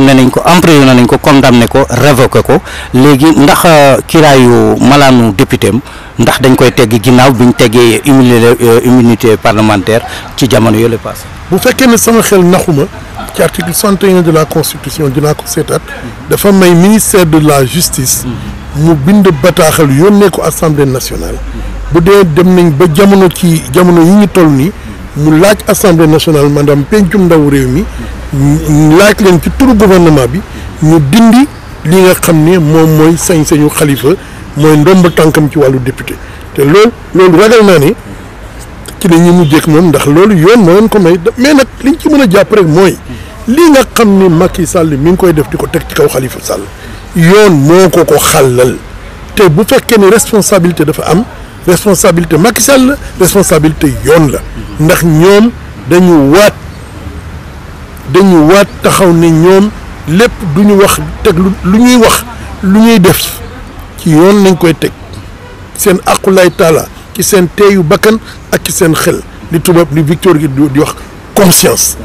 condamné nañ ko emprisonné nañ ko condamné ko révoqué ko léegi ndax euh, kiraayu malaanu député am ndax dañ koy tegg ginnaaw bi ñu teggee euh, immunité parlementaire ci jamono yooyu passé bu fekkee ne sama xel naxuma ci article 61 de la constitution dinaa ko seetaat dafa may ministère de la justice mu bind bataaxal yónnee ko assemblée nationale bu dee dem nañ ba jamono ci jamono yi ñu toll nii mu laaj assemblée nationale maanaam pencum ndaw réew mi laaj leen ci turu gouvernement bi ñu dindi lii nga xam ni moom mooy sañ-sañu xalifa mooy ndomb tànkam ci wàllu député te loolu loolu ragal naa ne ci la ñuy mujjeek moom ndax loolu yoon moo leen ko may mais nag liñ ci mën a jàpp rek mooy lii nga xam ne Macky Sall mi ngi koy def di ko teg ci kaw kalifa Sall yoon moo ko ko xàllal te bu fekkee ne responsabilité dafa am responsabilité Macky Sall la responsabilité yoon la ndax ñoom dañu waat. dañu waat taxaw ne ñoom lépp duñu wax teg lu ñuy wax lu ñuy def ci yoon nañ koy teg seen aqulay taala ci seen teeyu bakkan ak ci seen xel li tubaab li Victor gi di wax conscience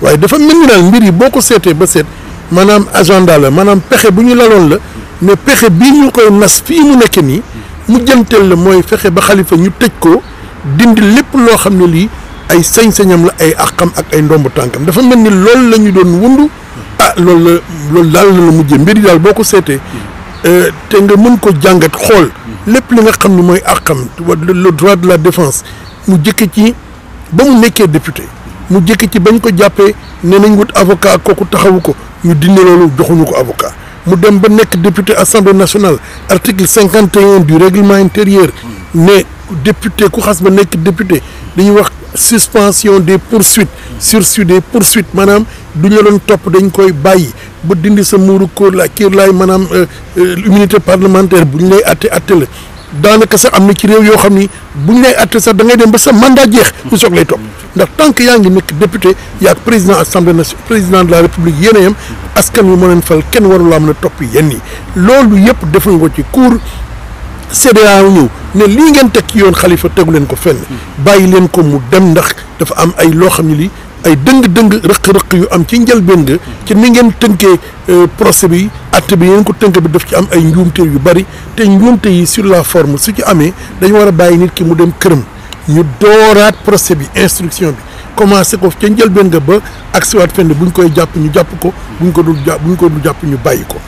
waaye dafa mel ni mbir yi boo ko seetee ba seet maanaam agenda la maanaam pexe bu ñu laloon la mais pexe bii ñu koy nas fii mu nekk nii mujjanteel la mooy fexe ba xalifa ñu tëj ko dindi lépp loo xam ne lii ay sañ-sañam la ay àqam ak ay ndomb tànkam dafa mel ni loolu la ñu doon wundu ah loolu la loolu daal la la mujjee mbir yi daal boo ko seetee euh, te nga mën ko jàngat xool lépp li nga xam ne mooy àqam le droit de la mu jëkk ci ba mu nekkee député mu jëkk ci bañ ko jàppee ne nañ wut avocat kooku taxawu ko ñu dindi loolu joxuñu ko avocat mu dem ba nekk député assemblée nationale article cinquante et un du règlement intérieur ne député ku xas ba nekk député dañuy wax de suspension des poursuites sursis pour poursuites maanaam du ñu doon topp dañ koy bàyyi ba dindi sa muuru kóor la kii laay maanaam euh, euh, immunité parlementaire bu ñu lay atte atte la daanaka sax am na ci réew yoo xam ni bu ñu lay atte sax da ngay dem ba sa mandat jeex ñu soog lay topp ndax tant yaa ngi nekk député yaag président assemblée nationale président de la république yéen a askan wi moo leen fal kenn warulaa mën a topp yi loolu yëpp def nga ko ci cour CEDEA ñëw ne lii ngeen teg ci yoon xalifa tegu leen ko fenn bàyyi leen ko mu dem ndax dafa am ay loo xam ne lii ay dëng-dëng rëq-rëq yu am ci njëlbéen ga ci ni ngeen tënkee euh, procès bi acte bi ngeen ko tënk bi daf ci am ay njuumte yu bari te njuumte yi sur la forme su ci amee dañu war a bàyyi nit ki mu dem këram ñu dooraat procès bi instruction bi commencé ko ci njëlbéen nga ba ak siwaat fenn bu ñu koy jàpp ñu jàpp ko bu ñu ko dul jàpp bu ñu ko jàpp ñu bàyyi ko